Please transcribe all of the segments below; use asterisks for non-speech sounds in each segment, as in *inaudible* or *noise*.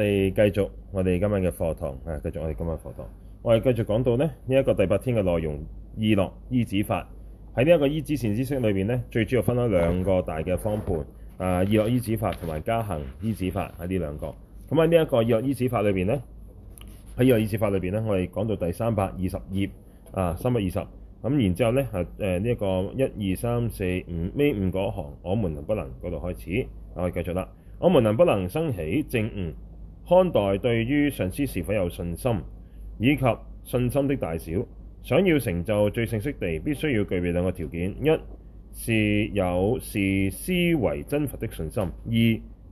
嚟繼續我哋今日嘅課堂啊！繼續我哋今日課堂，我哋繼續講到咧呢一個，這個第八天嘅內容，意樂依止法，喺呢一個依止善知識裏邊咧，最主要分開兩個大嘅方盤啊，意樂依止法同埋加行依止法喺呢兩個咁，喺呢一個意樂依止法裏邊咧，喺意樂依止法裏邊咧，我哋講到第三百二十頁啊，三百二十咁，然之後咧係誒呢一個，啊這個一二三四五尾五嗰行，我們能不能嗰度開始？我哋繼續啦，我們能不能生起證悟？看待對於上師是否有信心，以及信心的大小，想要成就最勝悉地，必須要具備兩個條件：一是有視師為真佛的信心，二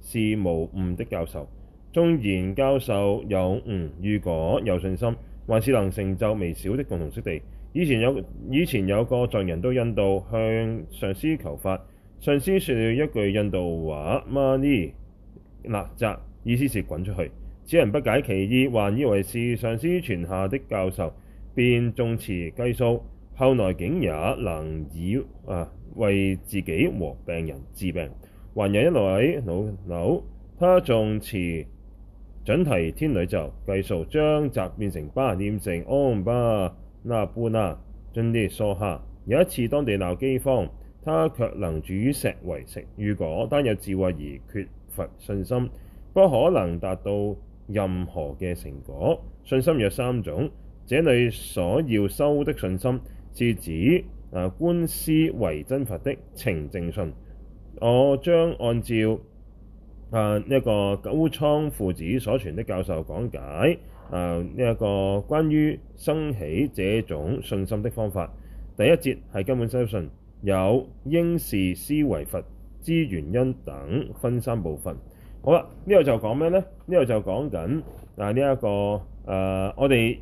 是無誤的教授。縱然教授有誤，嗯，如果有信心，還是能成就微小的共同悉地。以前有以前有個藏人到印度向上師求法，上師說了一句印度話麻裡勒札。媽意思是滾出去。此人不解其意，還以為是上師傳下的教授，便誦持計數。後來竟也能以啊為自己和病人治病。還有一位老嫗，他誦持準提天女咒計數，將雜變成巴念成嗡巴那般啦，盡啲娑哈。有一次當地鬧饑荒，他卻能煮石為食。如果單有智慧而缺乏信心，不可能達到任何嘅成果。信心有三種，這裡所要修的信心，是指觀師為真佛的澄淨信。我將按照啊呢一、這個格鄔倉父子所傳的教授講解，啊呢一、這個關於生起這種信心的方法。第一節係根本修信，有應視師為佛之原因等，分三部分。好啦，呢度就講咩呢？呢度就講緊嗱呢一個、呃、我哋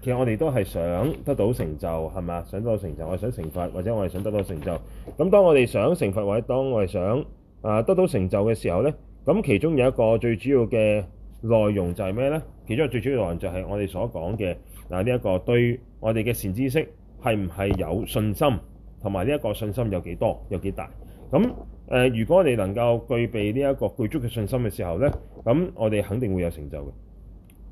其實我哋都係想得到成就，係嘛？想得到成就，我想成佛，或者我想得到成就。咁當我哋想成佛，或者當我哋想、啊、得到成就嘅時候呢，咁其中有一個最主要嘅內容就係咩呢？其中一個最主要嘅內容就係我哋所講嘅嗱呢一個對我哋嘅善知識係唔係有信心，同埋呢一個信心有幾多、有幾大咁。咁誒、呃，如果你能夠具備呢一個具足嘅信心嘅時候呢，咁我哋肯定會有成就嘅。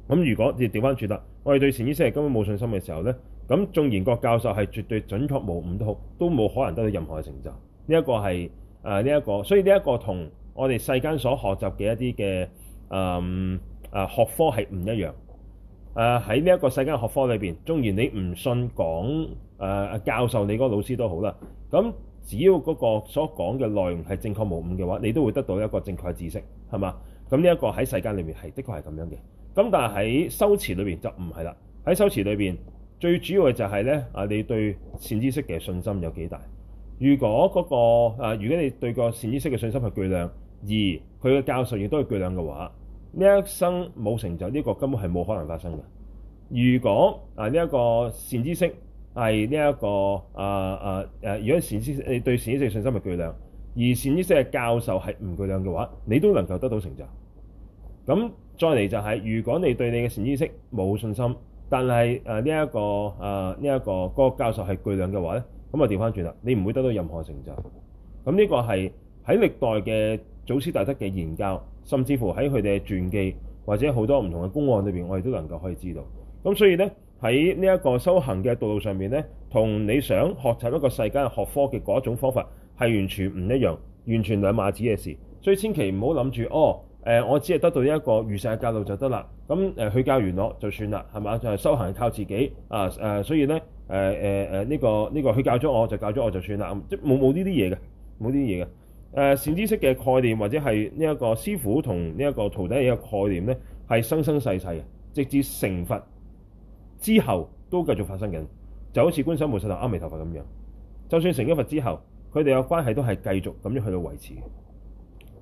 咁如果即係調返轉啦，我哋對神醫師係根本冇信心嘅時候呢，咁縱然個教授係絕對準確無誤都好，都冇可能得到任何嘅成就。呢、這、一個係誒呢一個，所以呢一個同我哋世間所學習嘅一啲嘅誒誒學科係唔一樣。誒喺呢一個世間學科裏邊，縱然，你唔信講誒、啊、教授你嗰個老師都好啦，咁。只要嗰個所講嘅內容係正確無誤嘅話，你都會得到一個正確嘅知識，係嘛？咁呢一個喺世界裏面係的確係咁樣嘅。咁但係喺修辭裏邊就唔係啦。喺修辭裏邊最主要嘅就係咧啊，你對善知識嘅信心有幾大？如果嗰個啊，如果你對個善知識嘅信心係巨量，而佢嘅教授亦都係巨量嘅話，呢一生冇成就呢個根本係冇可能發生嘅。如果啊呢一個善知識，係呢一個啊啊誒，如果善知識你對善知識信心係巨量，而善知識嘅教授係唔巨量嘅話，你都能夠得到成就。咁再嚟就係、是，如果你對你嘅善知識冇信心，但係誒呢一個誒呢一個嗰、那個、教授係巨量嘅話咧，咁啊調翻轉啦，你唔會得到任何成就。咁呢個係喺歷代嘅祖師大德嘅研究，甚至乎喺佢哋嘅傳記或者好多唔同嘅公案裏邊，我哋都能夠可以知道。咁所以咧。喺呢一個修行嘅道路上面呢，同你想學習一個世間學科嘅嗰一種方法係完全唔一樣，完全兩碼子嘅事。所以千祈唔好諗住哦，誒、呃，我只係得到呢一個預世教導就得啦，咁誒，佢教完我就算啦，係嘛？就係、是、修行係靠自己啊誒、啊，所以咧誒誒呢、啊啊這個呢、這個佢教咗我就教咗我就算啦，即冇冇呢啲嘢嘅冇呢啲嘢嘅誒善知識嘅概念或者係呢一個師傅同呢一個徒弟嘅概念呢係生生世世嘅，直至成佛。之後都繼續發生緊，就好似觀世音菩薩同阿彌陀佛咁樣，就算成一佛之後，佢哋有關係都係繼續咁樣去到維持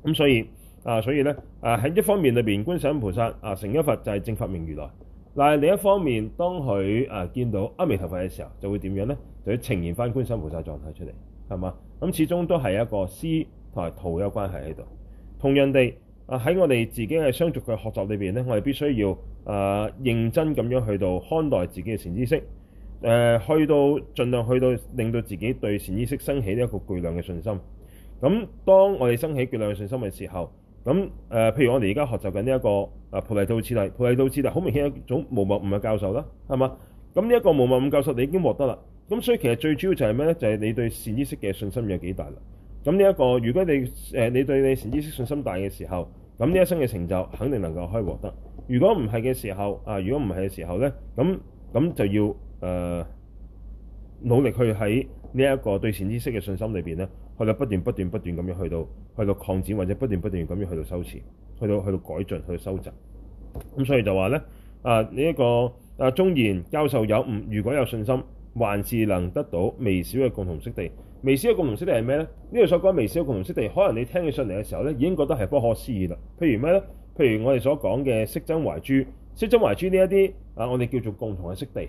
咁所以啊，所以呢喺、啊、一方面裏邊，觀世音菩薩啊成一佛就係正法明如來；嗱，另一方面，當佢誒、啊、見到阿彌陀佛嘅時候，就會點樣呢？就會呈現翻觀世音菩薩狀態出嚟，係嘛？咁始終都係一個師同埋徒有關係喺度。同樣地，啊喺我哋自己嘅相續嘅學習裏邊呢，我哋必須要。誒、啊，認真咁樣去到看待自己嘅善知識，誒、呃、去到盡量去到令到自己對善知識升起呢一個巨量嘅信心。咁當我哋升起巨量嘅信心嘅時候，咁誒、呃，譬如我哋而家學習緊呢一個菩提道次第，菩提道次第好明顯一種無謬誤教授啦，係嘛？咁呢一個無謬誤教授你已經獲得啦。咁所以其實最主要就係咩咧？就係、是、你對善知識嘅信心有幾大啦。咁呢一個，如果你誒、呃、你對你善知識信心大嘅時候，咁呢一生嘅成就肯定能夠可以獲得。如果唔係嘅時候，啊！如果唔係嘅時候呢，咁咁就要誒、呃、努力去喺呢一個對善知識嘅信心裏邊呢，去到不斷不斷不斷咁樣去到去到擴展，或者不斷不斷咁樣去到修持，去到去到改進，去到收集。咁所以就話呢，啊呢一、這個啊縱然教授有誤，如果有信心，還是能得到微小嘅共同悉地。微小嘅共同悉地係咩呢？呢、這、度、個、所講微小嘅共同悉地，可能你聽起上嚟嘅時候呢，已經覺得係不可思議啦。譬如咩呢？譬如我哋所講嘅色真懷珠，色真懷珠呢一啲啊，我哋叫做共同嘅色地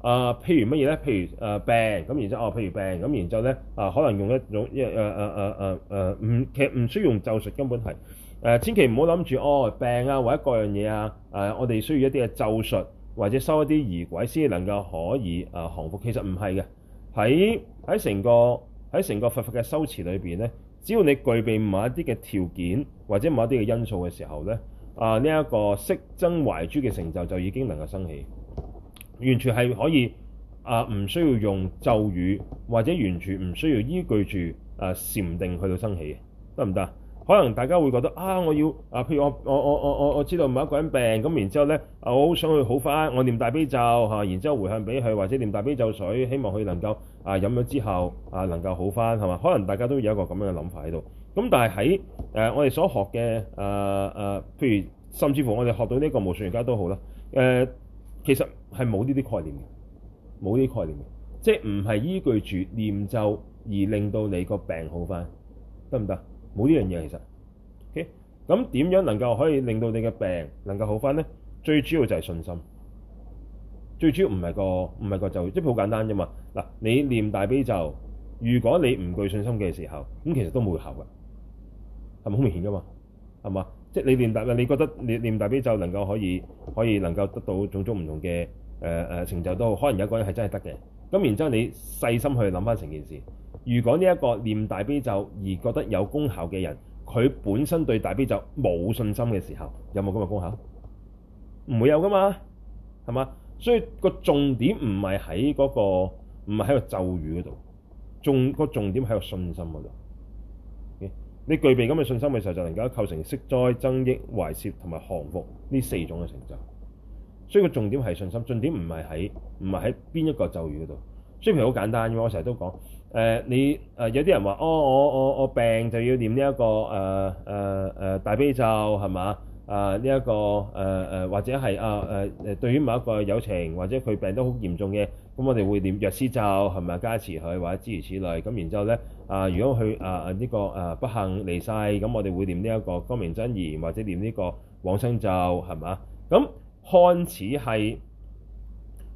啊、呃。譬如乜嘢咧？譬如誒、呃、病咁，然之後哦，譬如病咁，然之後咧啊、呃，可能用一種一誒誒誒唔，其實唔需要用咒術，根本係、呃、千祈唔好諗住哦，病啊或者各樣嘢啊、呃、我哋需要一啲嘅咒術或者修一啲儀軌先能夠可以啊降伏。其實唔係嘅，喺喺成個喺成個佛法嘅修持裏面咧。只要你具備某一啲嘅條件或者某一啲嘅因素嘅時候呢，啊，呢一個息增懷誅嘅成就就已經能夠生起，完全係可以啊，唔需要用咒語或者完全唔需要依據住啊禪定去到生起，得唔得？行可能大家會覺得啊，我要啊，譬如我我我我我我知道某一個人病咁，然之後咧啊，我好想去好翻，我念大悲咒吓，然之後回向俾佢，或者念大悲咒水，希望佢能夠啊飲咗之後啊能夠好翻係嘛？可能大家都有一個咁樣嘅諗法喺度。咁但係喺誒我哋所學嘅啊、呃呃、譬如甚至乎我哋學到呢個無上瑜伽都好啦。誒、呃，其實係冇呢啲概念嘅，冇呢啲概念嘅，即係唔係依據住念咒而令到你個病好翻，得唔得？冇呢樣嘢，其實，OK，咁點樣能夠可以令到你嘅病能夠好翻咧？最主要就係信心，最主要唔係個唔係個咒，即係好簡單啫嘛。嗱，你念大悲咒，如果你唔具信心嘅時候，咁其實都冇效噶，係咪好明顯噶嘛？係嘛？即係你念大，你覺得你念大悲咒能夠可以可以能夠得到種種唔同嘅誒誒成就都好，可能有個人係真係得嘅。咁然之後你細心去諗翻成件事，如果呢一個念大悲咒而覺得有功效嘅人，佢本身對大悲咒冇信心嘅時候，有冇咁嘅功效？唔會有噶嘛，係嘛？所以個重點唔係喺嗰個，唔係喺個咒語嗰度，重、嗰個重點喺個信心嗰度。Okay? 你具備咁嘅信心嘅時候，就能夠構成息災、增益、懷攝同埋降伏呢四種嘅成就。所以個重點係信心，重點唔係喺唔係喺邊一個咒語嗰度。所以其實好簡單嘅，我成日都講。誒、呃、你誒、呃、有啲人話哦，我我我病就要念呢、這、一個誒誒誒大悲咒係嘛啊，呢一個誒、呃、或者係啊誒誒對於某一個友情或者佢病得好嚴重嘅，咁我哋會念藥師咒係咪啊，加持佢或者支如此類諸如此類咁，然之後咧啊、呃、如果佢啊呢個啊、呃、不幸離世，咁我哋會念呢一個光明真言或者念呢個往生咒係嘛？咁看似係。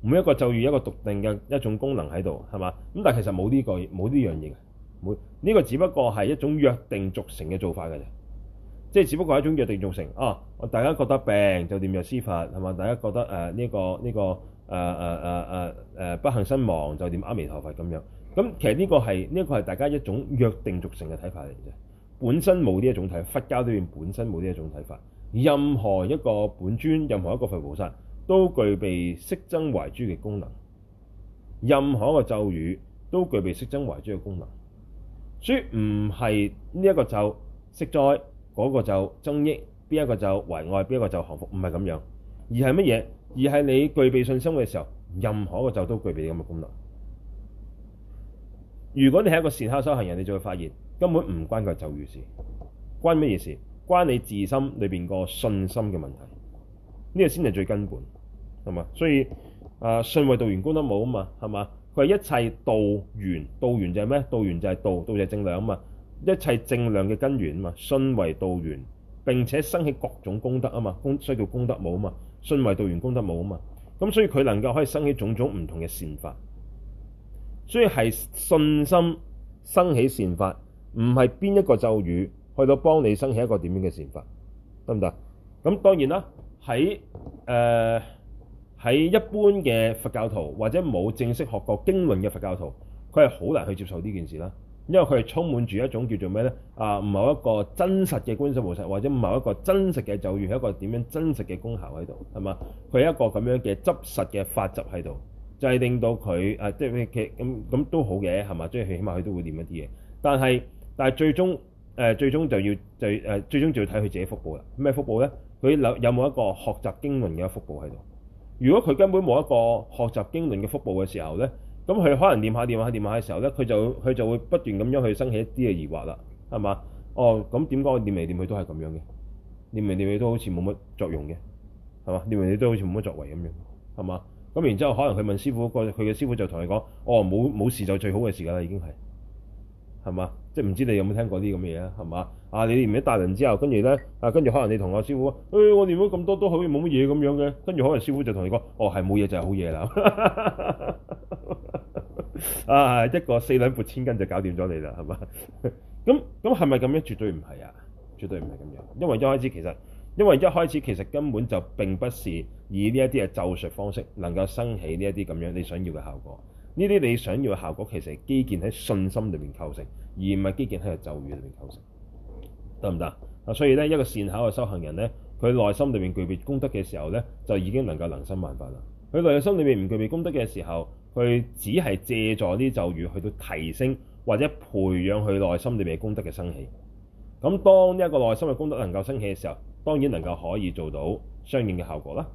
每一個咒語一個特定嘅一種功能喺度，係嘛？咁但係其實冇呢、這個冇呢樣嘢，冇呢、這個只不過係一種約定俗成嘅做法嘅啫，即係只不過係一種約定俗成。哦、啊，大家覺得病就點樣施法，係嘛？大家覺得誒呢、啊這個呢個誒誒誒誒誒不幸身亡就點阿彌陀佛咁樣。咁、嗯、其實呢個係呢、這個係大家一種約定俗成嘅睇法嚟嘅，本身冇呢一種睇法，佛教裏面本身冇呢一種睇法。任何一個本尊，任何一個佛菩薩。都具備息增懷誅嘅功能，任何一個咒語都具備息增懷誅嘅功能，所以唔係呢一個咒息災，嗰、那個咒增益，邊一個咒懷愛，邊一個咒降服，唔係咁樣，而係乜嘢？而係你具備信心嘅時候，任何一個咒都具備咁嘅功能。如果你係一個善巧修行人，你就會發現根本唔關個咒語事，關乜嘢事？關你自心裏邊個信心嘅問題，呢個先係最根本。係嘛？所以誒、啊，信為道元功德冇啊嘛，係嘛？佢係一切道源，道源就係咩？道源就係道，道就係正量啊嘛。一切正量嘅根源啊嘛，信為道源，並且生起各種功德啊嘛功，所以叫功德冇啊嘛，信為道元，功德冇啊嘛。咁所以佢能夠可以生起種種唔同嘅善法，所以係信心生起善法，唔係邊一個咒語去到幫你生起一個點樣嘅善法，得唔得？咁當然啦，喺誒。呃喺一般嘅佛教徒或者冇正式學過經論嘅佛教徒，佢係好難去接受呢件事啦。因為佢係充滿住一種叫做咩呢？啊，唔某一個真實嘅觀世菩薩或者唔某一個真實嘅咒語，係一個點樣真實嘅功效喺度，係嘛？佢一個咁樣嘅執實嘅法則喺度，就係、是、令到佢啊，即係其咁都好嘅係嘛？即係起碼佢都會念一啲嘢，但係但係最終誒、呃、最終就要就誒、呃、最終就要睇佢自己的福報啦。咩福報呢？佢有有冇一個學習經論嘅福報喺度？如果佢根本冇一個學習經論嘅福報嘅時候咧，咁佢可能念下念下念下嘅時候咧，佢就佢就會不斷咁樣去生起一啲嘅疑惑啦，係嘛？哦，咁點解我念嚟念去都係咁樣嘅？念嚟念去都好似冇乜作用嘅，係嘛？念嚟念去都好似冇乜作為咁樣，係嘛？咁然之後可能佢問師傅個，佢嘅師傅就同你講：，哦，冇冇事就最好嘅時間啦，已經係，係嘛？即係唔知你有冇聽過啲咁嘅嘢啊，係嘛？啊！你練咗大輪之後，跟住咧啊，跟住可能你同我師傅話、哎，我練咗咁多都好似冇乜嘢咁樣嘅。跟住可能師傅就同你講，哦，係冇嘢就係、是、好嘢啦。 *laughs* 啊，一個四兩撥千斤就搞掂咗你啦，係嘛？咁咁係咪咁樣？絕對唔係啊！絕對唔係咁樣，因為一開始其實因為一開始其實根本就並不是以呢一啲嘅咒術方式能夠生起呢一啲咁樣你想要嘅效果。呢啲你想要嘅效果其實係基建喺信心裏面構成，而唔係基建喺個咒語裏面構成。得唔得？嗱，所以咧，一個善巧嘅修行人咧，佢內心裏面具備功德嘅時候咧，就已經能夠能生萬法啦。佢內心裏面唔具備功德嘅時候，佢只係借助啲咒語去到提升或者培養佢內心裏面功德嘅生起。咁當呢一個內心嘅功德能夠生起嘅時候，當然能夠可以做到相應嘅效果啦。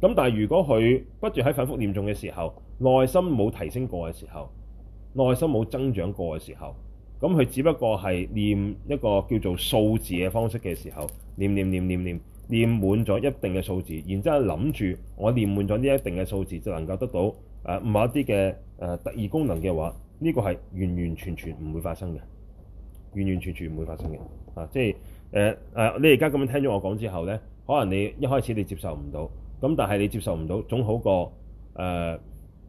咁但係如果佢不斷喺反覆念咒嘅時候，內心冇提升過嘅時候，內心冇增長過嘅時候。咁佢只不過係念一個叫做數字嘅方式嘅時候，念念念念念念滿咗一定嘅數字，然之後諗住我念滿咗呢一定嘅數字，就能夠得到誒某一啲嘅誒特異功能嘅話，呢個係完完全全唔會發生嘅，完完全全唔會發生嘅。啊，即係誒誒，你而家咁樣聽咗我講之後呢，可能你一開始你接受唔到，咁但係你接受唔到，總好過誒、呃，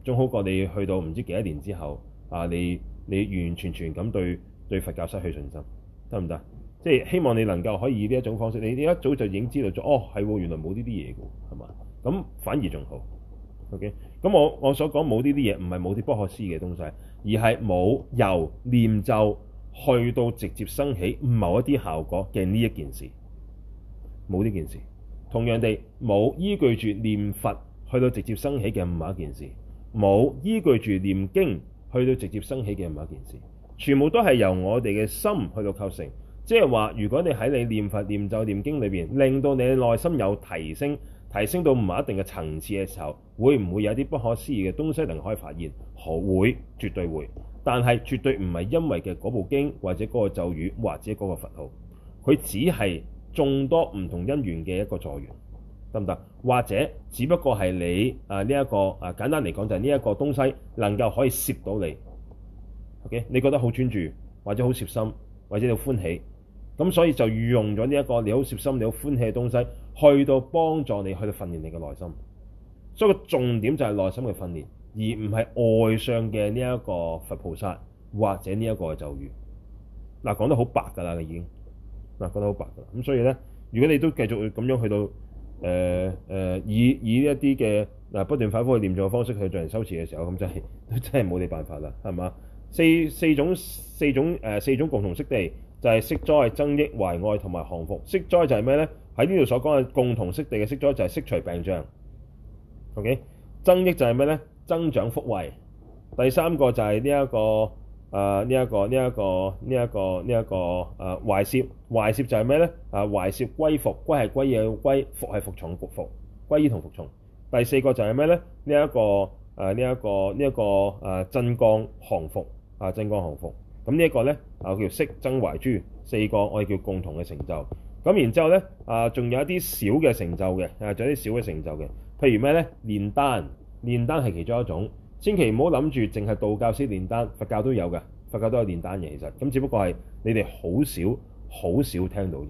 總好過你去到唔知幾多年之後啊，你。你完完全全咁對對佛教失去信心，得唔得？即係希望你能夠可以呢一種方式，你一早就已經知道咗，哦係喎，原來冇呢啲嘢嘅，係嘛？咁反而仲好。O K. 咁我我所講冇呢啲嘢，唔係冇啲不可思議嘅東西，而係冇由念咒去到直接生起某一啲效果嘅呢一件事，冇呢件事，同樣地冇依據住念佛去到直接生起嘅某一件事，冇依據住念經。去到直接生起嘅某一件事，全部都係由我哋嘅心去到構成。即係話，如果你喺你念佛、念咒、念經裏邊，令到你內心有提升，提升到唔係一定嘅層次嘅時候，會唔會有啲不可思議嘅東西？能可以發現，會絕對會，但係絕對唔係因為嘅嗰部經或者嗰個咒語或者嗰個佛號，佢只係眾多唔同因緣嘅一個助緣。得唔得？或者只不過係你啊？呢、這、一個啊，簡單嚟講，就係呢一個東西能夠可以攝到你。O.K.，你覺得好專注，或者好攝心，或者你好歡喜，咁所以就用咗呢一個你好攝心、你好歡喜嘅東西，去到幫助你去到訓練你嘅內心。所以個重點就係內心嘅訓練，而唔係外上嘅呢一個佛菩薩或者呢一個咒語。嗱、啊，講得好白㗎啦，你已經嗱覺、啊、得好白㗎啦。咁所以咧，如果你都繼續咁樣去到。誒誒、呃呃、以以一啲嘅嗱不斷反覆嘅念咒嘅方式去進行修持嘅時候，咁就係真係冇你辦法啦，係嘛？四四種四種誒、呃、四種共同悉地就係、是、息災增益懷愛同埋降伏。息災就係咩咧？喺呢度所講嘅共同悉地嘅息災就係息除病障。O、okay? K，增益就係咩咧？增長福慧。第三個就係呢一個。啊！呢、這、一個呢一、這個呢一、這個呢一、這個啊，懷攝懷攝就係咩咧？啊，懷攝歸服，歸係歸嘢，歸服係服從服服，歸依同服從。第四個就係咩咧？呢、這、一個誒，呢、啊、一、這個啊這個啊啊啊這個呢一個誒，鎮降降服啊，鎮降降服。咁呢一個咧啊，叫息增懷誅。四個我哋叫共同嘅成就。咁然之後咧啊，仲有一啲小嘅成就嘅，啊，仲有啲小嘅成就嘅，譬、啊啊、如咩咧？煉丹，煉丹係其中一種。千祈唔好諗住淨係道教師練丹，佛教都有嘅，佛教都有練丹嘅。其實咁只不過係你哋好少、好少聽到啫，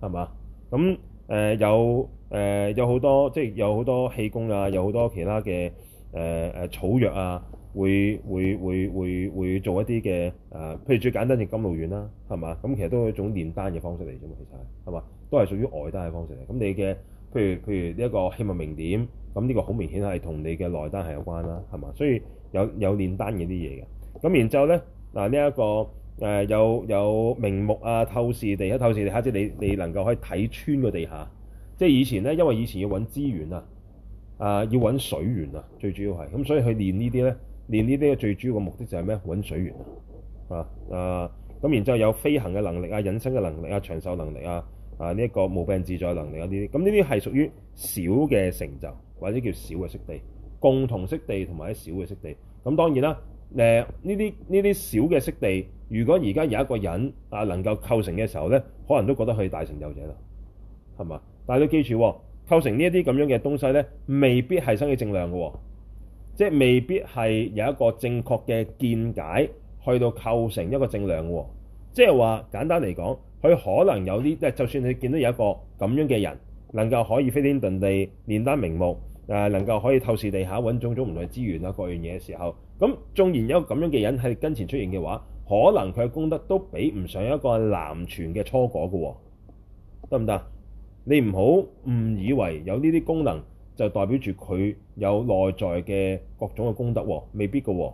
係嘛？咁、呃、有、呃、有好多，即係有好多氣功啊，有好多其他嘅誒誒草藥啊，會會會會會做一啲嘅誒，譬如最簡單嘅金露丸啦，係嘛？咁其實都係一種練丹嘅方式嚟啫嘛，其實係嘛，都係屬於外丹嘅方式嚟。咁你嘅譬如譬如呢一個氣脈明點。咁呢個好明顯係同你嘅內丹係有關啦，係嘛？所以有有練丹嘅啲嘢嘅。咁然之後咧，嗱呢一個、呃、有有明目啊、透視地一透視地下，即係你你能夠可以睇穿個地下。即係以前咧，因為以前要搵資源啊，啊要搵水源啊，最主要係咁，所以去練呢啲咧，練呢啲嘅最主要個目的就係咩？搵水源啊啊咁，啊然之後有飛行嘅能力啊、隱身嘅能力啊、長壽能力啊啊呢一、個冇病自在能力啊呢啲。咁呢啲係屬於小嘅成就。或者叫小嘅悉地，共同悉地同埋啲小嘅悉地。咁當然啦，誒呢啲呢啲小嘅悉地，如果而家有一個人啊能夠構成嘅時候呢，可能都覺得佢大成就者啦，係嘛？但係都記住，構成呢一啲咁樣嘅東西呢，未必係生起正量嘅，即係未必係有一個正確嘅見解去到構成一個正量嘅。即係話簡單嚟講，佢可能有啲，即就算你見到有一個咁樣嘅人能夠可以飛天遁地、煉丹明目。誒能夠可以透視地下揾種種唔同嘅資源啊，各樣嘢嘅時候，咁縱然有咁樣嘅人喺你跟前出現嘅話，可能佢嘅功德都比唔上一個南傳嘅初果嘅，哦，得唔得？你唔好誤以為有呢啲功能就代表住佢有內在嘅各種嘅功德，哦，未必嘅，哦。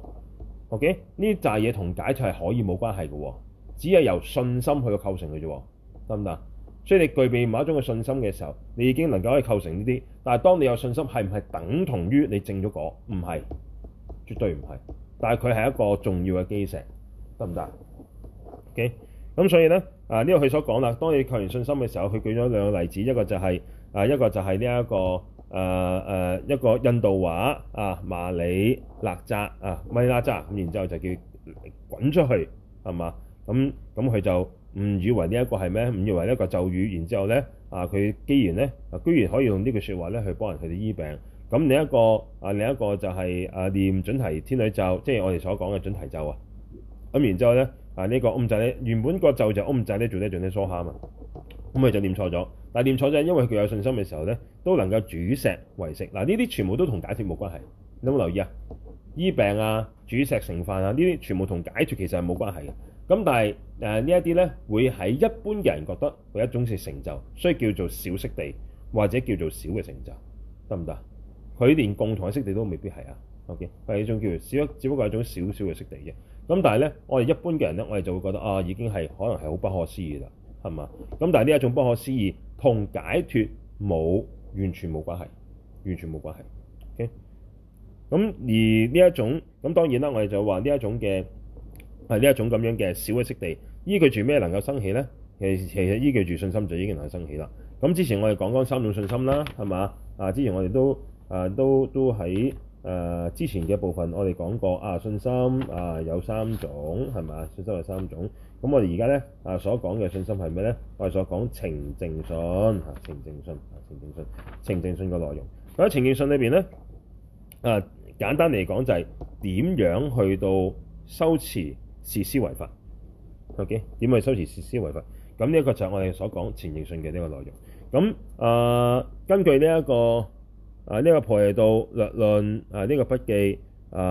OK，呢啲大嘢同解測係可以冇關係嘅，哦，只係由信心去到構成嚟嘅啫，得唔得？所以你具備某一種嘅信心嘅時候，你已經能夠可以構成呢啲。但係當你有信心，係唔係等同於你證咗果？唔係，絕對唔係。但係佢係一個重要嘅基石，得唔得？OK，咁所以呢，啊呢個佢所講啦，當你構完信心嘅時候，佢舉咗兩個例子，一個就係、是、啊，一個就係呢一個啊啊一個印度話啊麻裡勒札啊米拉扎，然之後就叫滾出去係嘛？咁咁佢就。誤以為呢一個係咩？誤以為呢個咒語，然之後咧啊，佢既然咧啊，居然可以用呢句説話咧去幫人佢哋醫病。咁另一個啊，另一個就係啊，念準提天女咒，即係我哋所講嘅準提咒啊。咁然之後咧啊，呢個唵咒咧，原本個咒就唵咒咧，做多准多縮下啊嘛。咁佢就念錯咗。但係念錯咗，因為佢有信心嘅時候咧，都能夠煮石為食嗱。呢啲全部都同解脫冇關係。你有冇留意啊？醫病啊，煮石成飯啊，呢啲全部同解脫其實係冇關係嘅。咁但係、呃、呢一啲咧，會喺一般嘅人覺得佢一種係成就，所以叫做小悉地或者叫做小嘅成就，得唔得？佢連共同悉地都未必係啊。OK，佢係一種叫做只不過係一種少小嘅悉地啫。咁但係咧，我哋一般嘅人咧，我哋就會覺得啊，已經係可能係好不可思議啦，係嘛？咁但係呢一種不可思議，同解脫冇完全冇關係，完全冇關係。OK。咁而呢一種咁當然啦，我哋就話呢一種嘅。係呢一種咁樣嘅小嘅悉地，依據住咩能夠生起咧？其其實依據住信心就已經能夠生起啦。咁之前我哋講講三種信心啦，係嘛？啊，之前我哋都啊都都喺、啊、之前嘅部分我哋講過啊信心啊有三種係咪？信心有三種。咁我哋而家咧啊所講嘅信心係咩咧？我哋所講澄淨信澄淨信啊澄淨信，誠、啊、信嘅、啊、內容。咁澄淨信裏面咧啊簡單嚟講就係點樣去到修持，視師為佛，OK 點去修持視師為佛？咁呢一個就係我哋所講前言信嘅呢個內容。咁啊、呃，根據呢、這、一個啊呢一、這個菩提道略論啊呢、這個筆記啊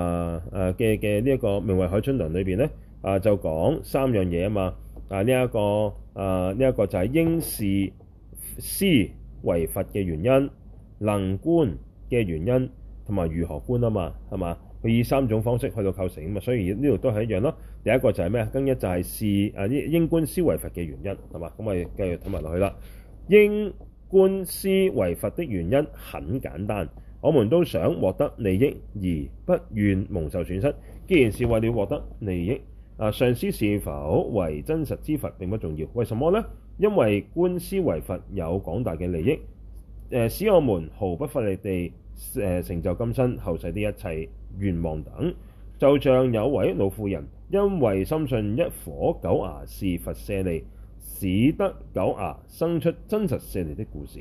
啊嘅嘅呢一個名為海春論裏邊咧啊，就講三樣嘢啊嘛。啊呢一、這個啊呢一、這個就係應視師為佛嘅原因、能觀嘅原因同埋如何觀啊嘛，係嘛？佢以三種方式去到構成，所以呢度都係一樣咯。第一個就係咩？庚一就係事。啊！應觀師為佛嘅原因係嘛？咁啊，我哋繼續睇埋落去啦。應觀師為佛的原因很簡單，我們都想獲得利益而不願蒙受損失。既然是為了獲得利益啊，上師是否為真實之佛並不重要。為什麼呢？因為觀師為佛有廣大嘅利益，使我們毫不費力地成就今生後世的一切。願望等，就像有位老婦人，因為深信一顆狗牙是佛舍利，使得狗牙生出真實舍利的故事。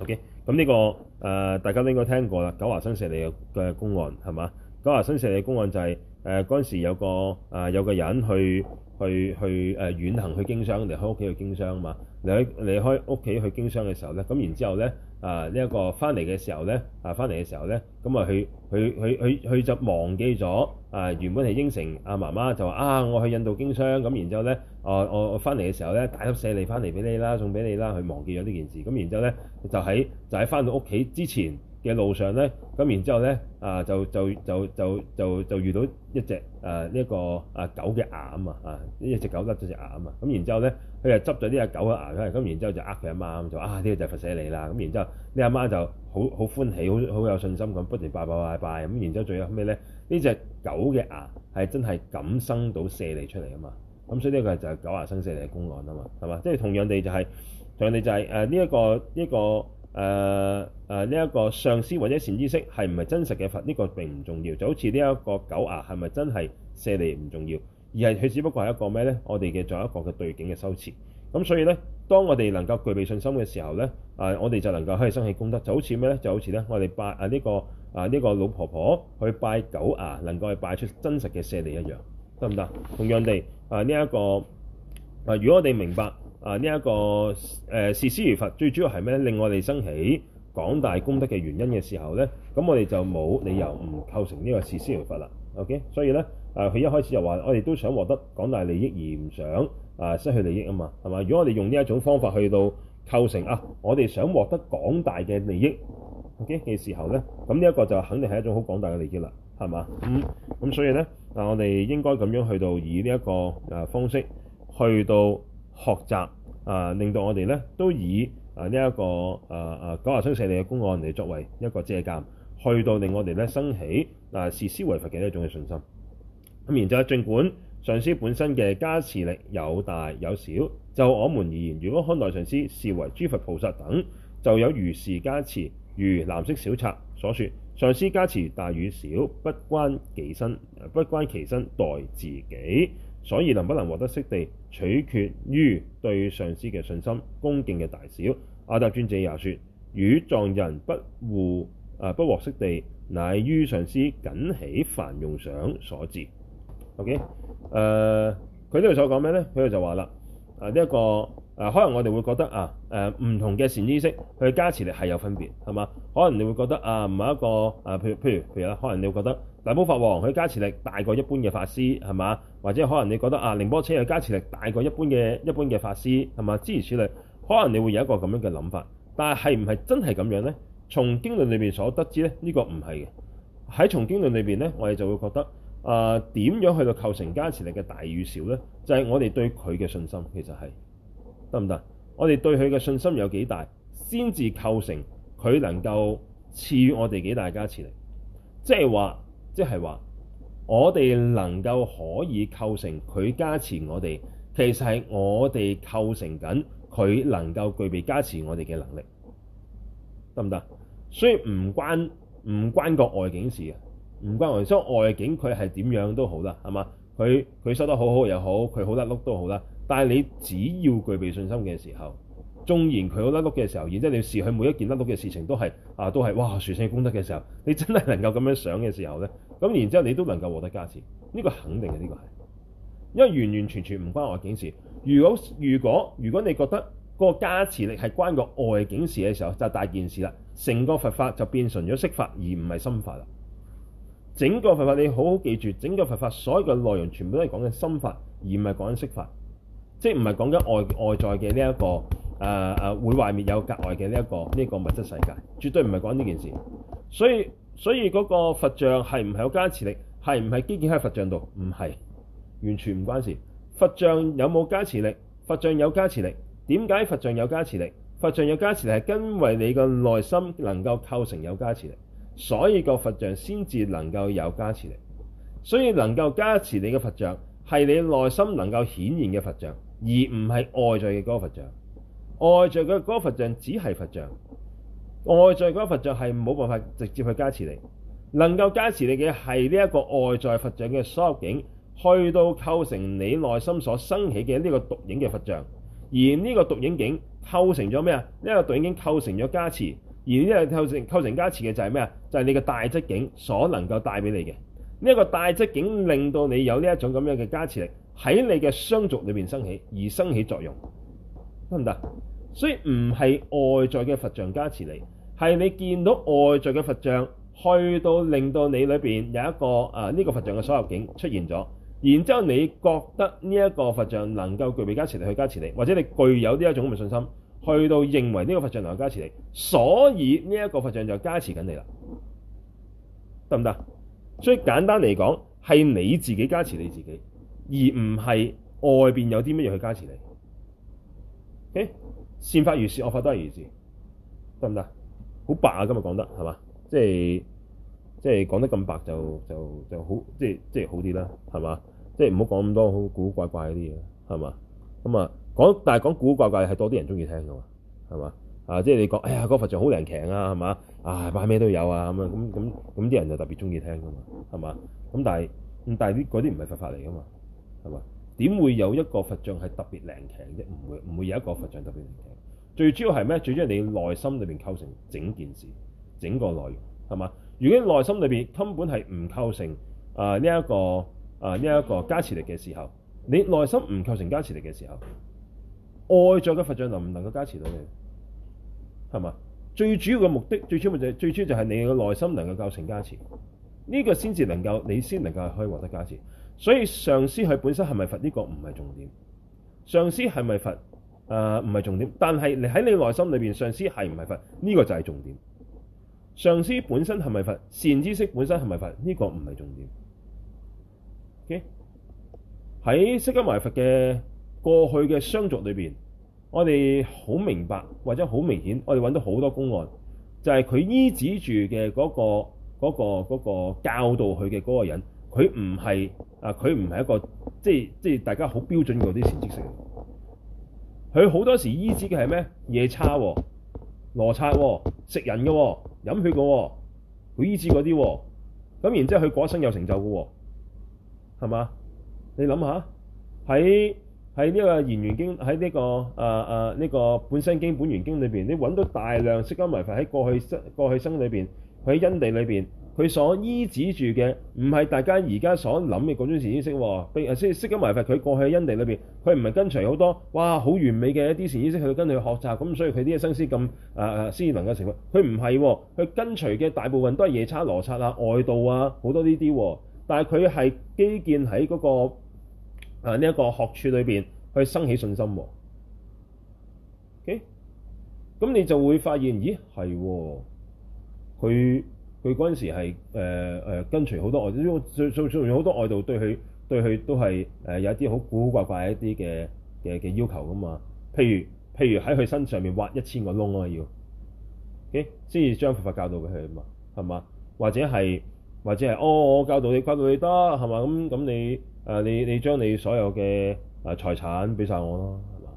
OK，咁、嗯、呢、這個誒、呃、大家都應該聽過啦，狗牙生舍利嘅嘅公案係嘛？狗牙生舍利嘅公案就係誒嗰陣時有個誒、呃、有個人去。去去誒遠行去經商，離開屋企去經商啊嘛！你喺屋企去經商嘅時候咧，咁然後之後咧啊呢一個翻嚟嘅時候咧啊翻嚟嘅時候咧，咁啊佢佢佢佢佢就忘記咗啊原本係應承阿媽媽就話啊我去印度經商，咁然後之後咧啊我我翻嚟嘅時候咧帶粒舍利翻嚟俾你啦，送俾你啦，佢忘記咗呢件事，咁然後之後咧就喺就喺翻到屋企之前。嘅路上咧，咁然之後咧，啊就就就就就就遇到一隻啊呢個啊狗嘅牙啊嘛，啊一隻狗甩咗隻牙啊嘛，咁然之後咧，佢就執咗呢隻狗嘅牙出嚟，咁然之後就呃佢阿媽咁就說啊呢、呢個就係佛舍利啦，咁然之後呢阿媽就好好歡喜，好好有信心咁不停拜拜拜拜咁，然之後最後尾咧呢這隻狗嘅牙係真係感生到舍利出嚟啊嘛，咁所以呢個就係狗牙生舍利嘅公案啊嘛，係嘛？即係同樣地就係、是、同樣地就係誒呢一個呢個。這個誒誒呢一個上師或者善知識係唔係真實嘅佛？呢、這個並唔重要，就好似呢一個狗牙係咪真係舍利唔重要，而係佢只不過係一個咩呢？我哋嘅仲有一個嘅對境嘅修辭。咁所以呢，當我哋能夠具備信心嘅時候呢，誒、呃、我哋就能夠可以生起功德，就好似咩呢？就好似呢，我哋拜啊呢、這個啊呢、這個老婆婆去拜狗牙，能夠去拜出真實嘅舍利一樣，得唔得？同樣地，啊呢一個、呃、如果我哋明白。啊！呢、這、一個誒、呃，視師如佛，最主要係咩令我哋生起廣大功德嘅原因嘅時候咧，咁我哋就冇理由唔構成呢個視師如佛啦。OK，所以咧，誒、啊，佢一開始就話我哋都想獲得廣大利益而唔想啊失去利益啊嘛，係嘛？如果我哋用呢一種方法去到構成啊，我哋想獲得廣大嘅利益嘅、okay? 時候咧，咁呢一個就肯定係一種好廣大嘅利益啦，係嘛？嗯，咁所以咧、啊，我哋應該咁樣去到以呢、這、一個、啊、方式去到。學習啊，令到我哋咧都以啊呢一、這個啊啊九華山舍利嘅公案嚟作為一個借鑑，去到令我哋咧生起嗱視、啊、思為佛嘅一種嘅信心。咁然之後，儘管上師本身嘅加持力有大有小，就我們而言，如果看待上師視為諸佛菩薩等，就有如是加持。如藍色小冊所說，上師加持大與小，不關己身，不關其身待自己。所以能不能獲得悉地，取決於對上師嘅信心、恭敬嘅大小。阿底峽尊者也說：汝藏人不獲，啊、呃、不獲悉地，乃於上師僅起凡庸想所致。OK，誒、呃，佢呢度所講咩呢？佢就話啦，誒呢一個。誒、啊，可能我哋會覺得啊，唔、啊、同嘅善知識佢加持力係有分別，係嘛？可能你會覺得啊，唔係一個啊，譬如譬如譬如啦，可能你會覺得大寶法王佢加持力大過一般嘅法師，係嘛？或者可能你覺得啊，寧波車嘅加持力大過一般嘅一般嘅法師，係嘛？諸如此類，可能你會有一個咁樣嘅諗法，但係係唔係真係咁樣呢？從經論裏面所得知呢呢、呢個唔係嘅。喺從經論裏面呢，我哋就會覺得啊，點樣去到構成加持力嘅大與小呢？就係、是、我哋對佢嘅信心，其實係。得唔得？我哋對佢嘅信心有幾大，先至構成佢能夠賜予我哋幾大加持力。即係話，即係話，我哋能夠可以構成佢加持我哋，其實係我哋構成緊佢能夠具備加持我哋嘅能力，得唔得？所以唔關唔關個外景事啊，唔關外所外景佢係點樣都好啦，係嘛？佢佢收得好好又好，佢好得碌都好啦。但係你只要具備信心嘅時候，縱然佢好甩碌嘅時候，然之後你要視佢每一件甩碌嘅事情都係啊，都係哇殊勝功德嘅時候，你真係能夠咁樣想嘅時候呢。咁然之後你都能夠獲得加持，呢、呢個肯定嘅呢、呢個係，因為完完全全唔關外境事。如果如果如果你覺得個加持力係關個外境事嘅時候，就是、大件事啦，成個佛法就變成咗色法而唔係心法啦。整個佛法你好好記住，整個佛法所有嘅內容全部都係講嘅心法，而唔係講色法。即係唔係講緊外外在嘅呢一個誒誒、呃、會壞滅有格外嘅呢一個呢個物質世界，絕對唔係講呢件事。所以所以嗰個佛像係唔係有加持力？係唔係基建喺佛像度？唔係，完全唔關事。佛像有冇加持力？佛像有加持力。點解佛像有加持力？佛像有加持力係因為你個內心能夠構成有加持力，所以個佛像先至能夠有加持力。所以能夠加持你嘅佛像係你內心能夠顯現嘅佛像，而唔係外在嘅嗰個佛像，外在嘅嗰個佛像只係佛像，外在嗰個佛像係冇辦法直接去加持你，能夠加持你嘅係呢一個外在佛像嘅所有境，去到構成你內心所生起嘅呢個獨影境嘅佛像，而呢個獨影境構成咗咩啊？呢個獨影境構成咗加持，而呢個構成構成加持嘅就係咩啊？就係你嘅帶質境所能夠帶俾你嘅。呢一個大質境令到你有呢一種咁樣嘅加持力喺你嘅相續裏面升起而生起作用，得唔得？所以唔係外在嘅佛像加持你，係你見到外在嘅佛像去到令到你裏面有一個啊，呢個佛像嘅所有景出現咗，然之後你覺得呢一個佛像能夠具備加持力去加持你，或者你具有呢一種咁嘅信心，去到認為呢個佛像能夠加持你，所以呢一個佛像就加持緊你啦，得唔得？所以簡單嚟講，係你自己加持你自己，而唔係外面有啲乜嘢去加持你。誒，okay？善法如是，惡法都係如是，得唔得？好白啊，今日講得係嘛？即係即係講得咁白就就就好，即係即係好啲啦，係嘛？即係唔好講咁多好古怪怪嗰啲嘢，係嘛？咁啊，講但係講古怪怪係多啲人中意聽㗎嘛，係嘛？啊！即係你講，哎呀，個佛像好靈強啊，係嘛？啊，買咩都有啊，咁咁咁咁啲人就特別中意聽㗎嘛，係嘛？咁但係咁但係啲嗰啲唔係佛法嚟㗎嘛，係嘛？點會有一個佛像係特別靈強啫？唔會，唔會有一個佛像特別靈強。最主要係咩？最主要係你內心裏邊構成整件事整個內容，係嘛？如果你內心裏邊根本係唔構成啊呢一個啊呢一個加持力嘅時候，你內心唔構成加持力嘅時候，外在嘅佛像能唔能夠加持到你？係嘛？最主要嘅目的，最主要就係、是，最主要就係你嘅內心能夠構成加持，呢、這個先至能夠，你先能夠可以獲得加持。所以上師佢本身係咪佛呢、這個唔係重點，上師係咪佛誒唔係重點，但係你喺你內心裏邊，上師係唔係佛呢、這個就係重點。上師本身係咪佛，善知識本身係咪佛呢、這個唔係重點。喺、okay? 釋迦牟尼佛嘅過去嘅相續裏邊。我哋好明白，或者好明顯，我哋揾到好多公案，就係、是、佢依治住嘅嗰、那個、嗰、那個、嗰、那個、那個、教導佢嘅嗰個人，佢唔係啊，佢唔係一個即係即係大家好標準嗰啲善知識。佢好多時依止嘅係咩？夜叉喎、啊，羅剎喎，食人嘅喎、啊，飲血嘅喎、啊，佢依止嗰啲喎。咁然之後佢果身有成就嘅喎、啊，係嘛？你諗下喺。喺呢個《賢元經》，喺呢個啊啊呢個《啊啊這個、本身經》《本緣經》裏邊，你揾到大量釋迦牟尼佛喺過去生過去生裏邊，佢喺因地裏邊，佢所依止住嘅唔係大家而家所諗嘅嗰種善知識喎。譬如啊，即係釋迦牟尼佛佢過去喺因地裏邊，佢唔係跟隨好多哇好完美嘅一啲善知識去跟佢學習，咁所以佢啲生思咁啊啊先能夠成佛。佢唔係，佢跟隨嘅大部分都係夜叉羅剎啊、外道啊，好多呢啲。但係佢係基建喺嗰、那個。啊！呢、這、一個學處裏邊去生起信心，OK？咁你就會發現，咦？係，佢佢嗰陣時係誒、呃呃、跟隨好多外，好多外道對佢對佢都係、呃、有一啲好古古怪怪一啲嘅嘅嘅要求噶嘛？譬如譬如喺佢身上面挖一千個窿啊，要 OK？先至將佛法教導俾佢嘛，係嘛？或者係或者係哦，我教導你，教導你得係嘛？咁咁你。啊、你你將你所有嘅誒、啊、財產俾晒我咯，係嘛？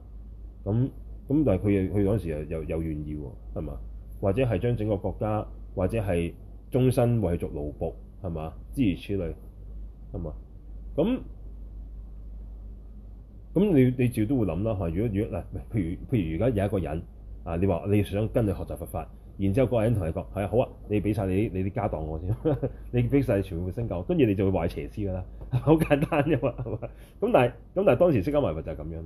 咁咁但係佢又佢嗰陣時又又願意喎，係嘛？或者係將整個國家，或者係終身為續勞僕，係嘛？諸如此類，係嘛？咁咁你你照都會諗啦，嚇！如果如果嗱，譬如譬如而家有一個人，啊，你話你想跟你學習佛法。然之後，個人同你講係啊，好啊，你俾晒你啲你啲家當我先， *laughs* 你俾晒全部升夠，跟住你就會壞邪師噶啦，好簡單啫嘛。咁 *laughs* 但係咁但係當時識交埋咪就係咁樣，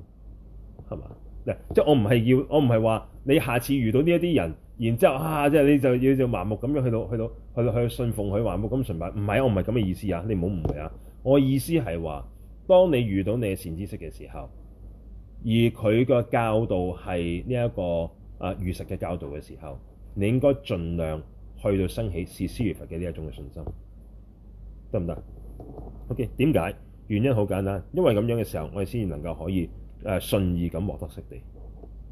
係嘛？嗱，即係我唔係要，我唔係話你下次遇到呢一啲人，然之後啊，即係你就要就盲目咁樣去到去到去到去到去到信奉佢，盲目咁崇拜。唔係，我唔係咁嘅意思啊，你唔好誤會啊。我意思係話，當你遇到你嘅善知識嘅時候，而佢、這個教導係呢一個啊，如實嘅教導嘅時候。你應該盡量去到生起視師如佛嘅呢一種嘅信心，得唔得？OK，點解？原因好簡單，因為咁樣嘅時候，我哋先至能夠可以誒順意咁獲得悉地。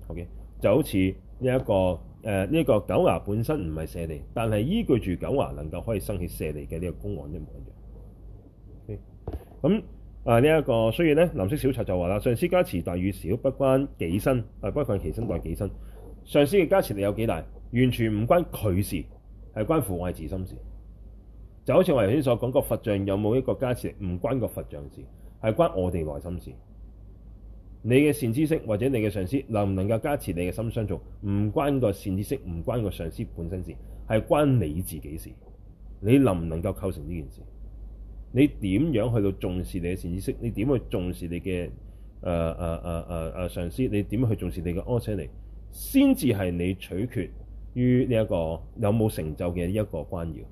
OK，就好似呢一個誒呢一個狗牙本身唔係舍利，但係依據住狗牙能夠可以生起舍利嘅呢個公案一模一樣。OK，咁啊呢一個，所以咧藍色小冊就話啦：上師加持大與小，不關己身，啊，不關其身，代己身。上師嘅加持力有幾大？完全唔關佢事，係關乎我哋自身事。就好似我頭先所講，個佛像有冇一個加持力？唔關個佛像事，係關我哋內心事。你嘅善知識或者你嘅上師能唔能夠加持你嘅心相續？唔關個善知識，唔關個上師本身事，係關你自己事。你能唔能夠構成呢件事？你點樣去到重視你嘅善知識？你點去重視你嘅誒誒誒誒誒上師？你點去重視你嘅阿闍黎？先至係你取決。於呢一個有冇成就嘅一個關要，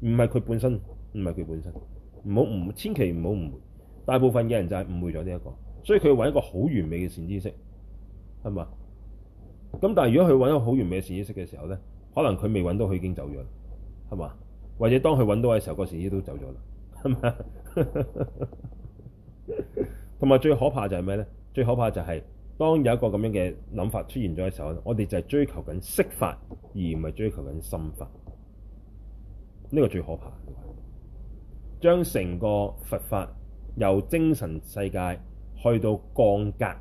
唔係佢本身，唔係佢本身，唔好唔千祈唔好誤會，大部分嘅人就係誤會咗呢一個，所以佢揾一個好完美嘅善知識，係嘛？咁但係如果佢揾一個好完美嘅善知識嘅時候咧，可能佢未揾到佢已經走咗，係嘛？或者當佢揾到嘅時候，個善知識都走咗啦，係咪？同埋最可怕就係咩咧？最可怕就係。當有一個咁樣嘅諗法出現咗嘅時候，我哋就係追求緊色法，而唔係追求緊心法。呢、這個最可怕的，將成個佛法由精神世界去到降格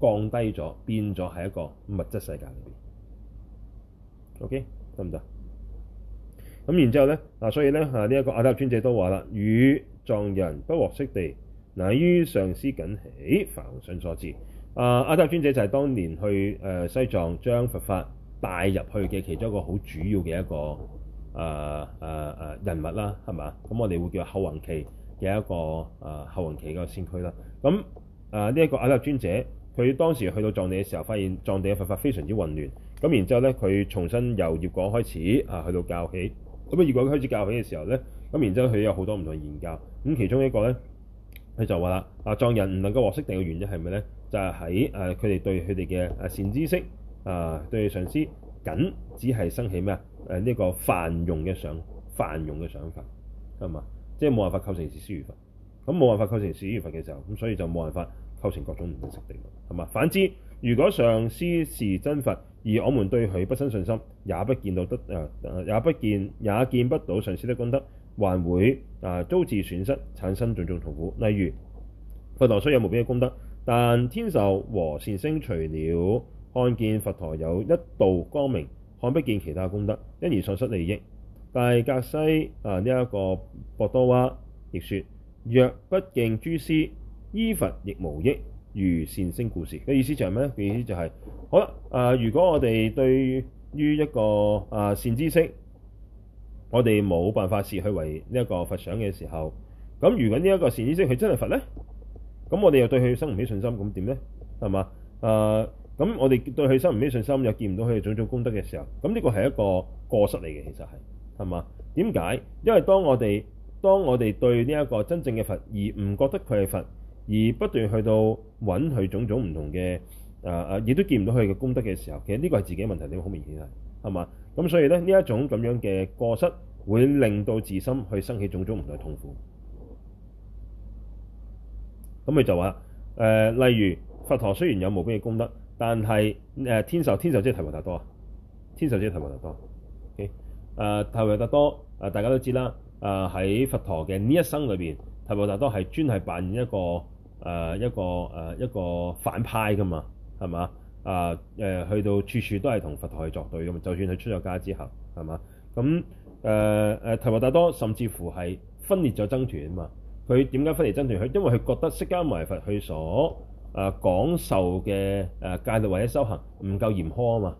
降低咗，變咗喺一個物質世界裏邊。OK 得唔得？咁然之後咧嗱，所以咧呢一、這個阿底峽尊者都話：汝藏人不獲悉地，乃於上師僅起凡信所致。啊！阿底峽尊者就係當年去誒、呃、西藏將佛法帶入去嘅其中一個好主要嘅一個啊啊啊人物啦，係嘛？咁我哋會叫後弘期嘅一個啊、呃、後弘期嘅個先驅啦。咁啊呢一個阿底峽尊者，佢當時去到藏地嘅時候，發現藏地嘅佛法非常之混亂。咁然之後咧，佢重新由業果開始啊，去到教起咁啊。業果開始教起嘅時候咧，咁然之後佢有好多唔同嘅研究。咁其中一個咧，佢就話啦：啊，藏人唔能夠獲悉地嘅原因係咩咧？就喺誒，佢、呃、哋對佢哋嘅善知識啊、呃，對上師僅只係生起咩啊？誒、呃、呢、這個凡庸嘅想，凡庸嘅想法，係嘛？即係冇辦法構成事師如佛咁，冇、嗯、辦法構成事師如佛嘅時候，咁所以就冇辦法構成各種唔同嘅悉地，係嘛？反之，如果上師是真佛，而我們對佢不生信心，也不見到得啊、呃，也不見也見不到上師的功德，還會啊遭、呃、致損失，產生種種痛苦。例如佛陀雖有無邊嘅功德。但天授和善星除了看見佛陀有一道光明，看不見其他功德，因而喪失利益。但係格西啊呢一、這個博朵瓦亦說：若不敬諸師，依佛亦無益。如善星故事嘅、這個、意思係咩？這個、意思就係、是、好啦，啊如果我哋對於一個啊善知識，我哋冇辦法視佢為呢一個佛想嘅時候，咁如果呢一個善知識佢真係佛呢？」咁我哋又對佢生唔起信心，咁點呢？係嘛？誒、呃，咁我哋對佢生唔起信心，又見唔到佢種種功德嘅時候，咁呢個係一個過失嚟嘅，其實係係嘛？點解？因為當我哋當我哋對呢一個真正嘅佛，而唔覺得佢係佛，而不斷去到揾佢種種唔同嘅誒、呃、亦都見唔到佢嘅功德嘅時候，其實呢個係自己嘅問題，你好明顯係係嘛？咁所以咧，呢一種咁樣嘅過失會令到自心去生起種種唔同嘅痛苦。咁你就話誒、呃，例如佛陀雖然有無邊嘅功德，但係誒、呃、天授，天授即係提婆達多啊！天授即係提婆達多 o、okay？呃、提婆達多誒、呃、大家都知啦，誒、呃、喺佛陀嘅呢一生裏邊，提婆達多係專係扮演一個誒、呃、一個誒、呃、一個反派噶嘛，係嘛？啊、呃、誒，去到處處都係同佛陀去作對噶嘛，就算佢出咗家之後，係嘛？咁誒誒提婆達多甚至乎係分裂咗僧團啊嘛。佢點解分裂僧團？佢因為佢覺得釋迦牟尼佛，佢所誒講授嘅誒戒律或者修行唔夠嚴苛啊嘛，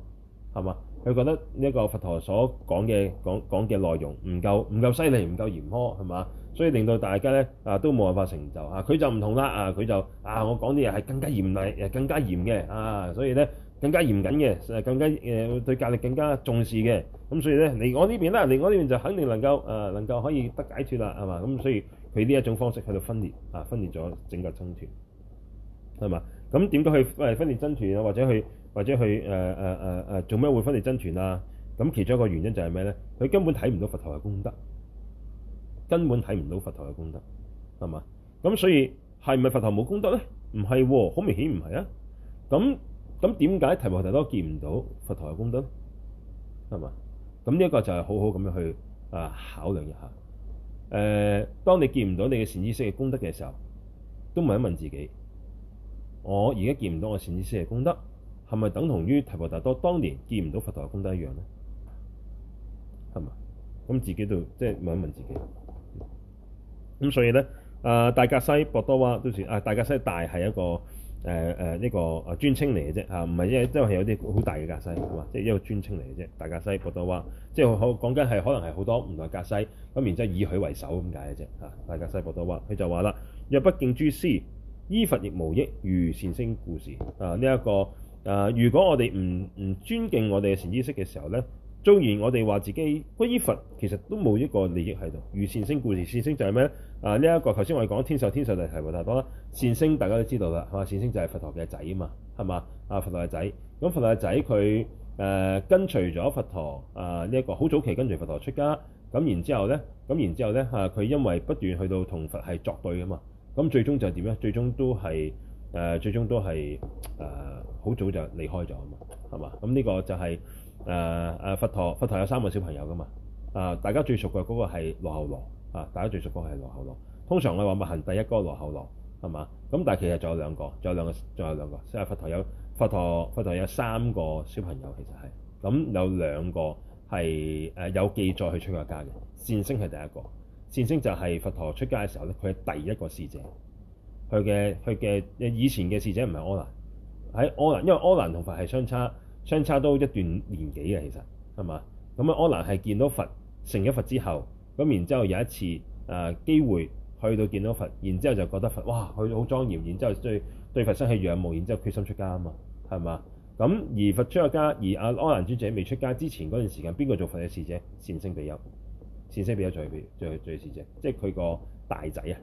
係嘛？佢覺得呢一個佛陀所講嘅講講嘅內容唔夠唔夠犀利，唔夠嚴苛係嘛？所以令到大家咧啊都冇辦法成就啊。佢就唔同啦啊！佢就啊，我講啲嘢係更加嚴厲，誒更加嚴嘅啊，所以咧更加嚴謹嘅誒，更加誒、呃、對戒律更加重視嘅咁，所以咧嚟我呢邊啦，嚟我呢邊就肯定能夠誒、啊、能夠可以得解脫啦，係嘛？咁所以。佢呢一種方式喺度分裂啊，分裂咗整個僧團，係嘛？咁點解去分裂僧團啊？或者去或者去誒、呃呃呃、做咩會分裂僧團啊？咁其中一個原因就係咩咧？佢根本睇唔到佛陀嘅功德，根本睇唔到佛陀嘅功德，係嘛？咁所以係唔係佛陀冇功德咧？唔係、啊，好明顯唔係啊！咁咁點解提婆提多見唔到佛陀嘅功德？係嘛？咁呢一個就係好好咁樣去啊考量一下。誒、呃，當你見唔到你嘅善知識嘅功德嘅時候，都問一問自己：我而家見唔到我善知識嘅功德，係咪等同於提婆達多當年見唔到佛陀嘅功德一樣咧？係嘛？咁自己都就即、是、係問一問自己。咁所以咧，誒、呃、大格西博朵話到時，啊大格西大係一個。誒誒呢個專稱嚟嘅啫嚇，唔係因為有啲好大嘅格西，係、呃、嘛，即係一個專稱嚟嘅啫。大格西博朵瓦，即係好講緊係可能係好多唔同格西，咁然之後以佢為首咁解嘅啫嚇。大格西博朵瓦，佢就話啦：若不敬諸師，依佛亦無益，如善星故事啊！呢、這、一個啊，如果我哋唔唔尊敬我哋嘅善知識嘅時候咧。雖然我哋話自己皈依佛，其實都冇一個利益喺度。如善星故事，善星就係咩咧？啊，呢、這、一個頭先我哋講天授，天授就係提婆達多啦。善星大家都知道啦，係嘛？善星就係佛陀嘅仔啊嘛，係嘛？啊，佛陀嘅仔，咁佛陀嘅仔佢誒跟隨咗佛陀啊，呢一個好早期跟隨佛陀出家，咁然之後咧，咁然之後咧嚇，佢因為不斷去到同佛係作對啊嘛，咁最終就點咧？最終都係、呃、最終都係、呃、好早就離開咗啊嘛，係嘛？咁呢個就係、是。誒誒、啊啊，佛陀佛陀有三個小朋友㗎嘛？啊，大家最熟嘅嗰個係羅喉羅啊！大家最熟嗰個係羅喉羅。通常我話密行第一個羅喉羅，係嘛？咁但係其實仲有兩個，仲有兩個，仲有兩個。所、啊、以佛陀有佛陀佛陀有三個小朋友，其實係咁有兩個係誒、啊、有記載去出家嘅。善星係第一個，善星就係佛陀出家嘅時候咧，佢係第一個使者。佢嘅佢嘅以前嘅使者唔係阿難，喺阿難，因為阿難同佛係相差。相差都一段年紀嘅，其實係嘛？咁啊，阿難係見到佛成咗佛之後，咁然之後有一次誒、呃、機會去到見到佛，然之後就覺得佛哇，佢好莊嚴，然之後對對佛生起仰慕，然之後決心出家啊嘛，係嘛？咁而佛出咗家，而阿難尊者未出家之前嗰段時間，邊個做佛嘅侍者？善星比丘，善星比丘做佢做佢做佢侍者，即係佢個大仔啊！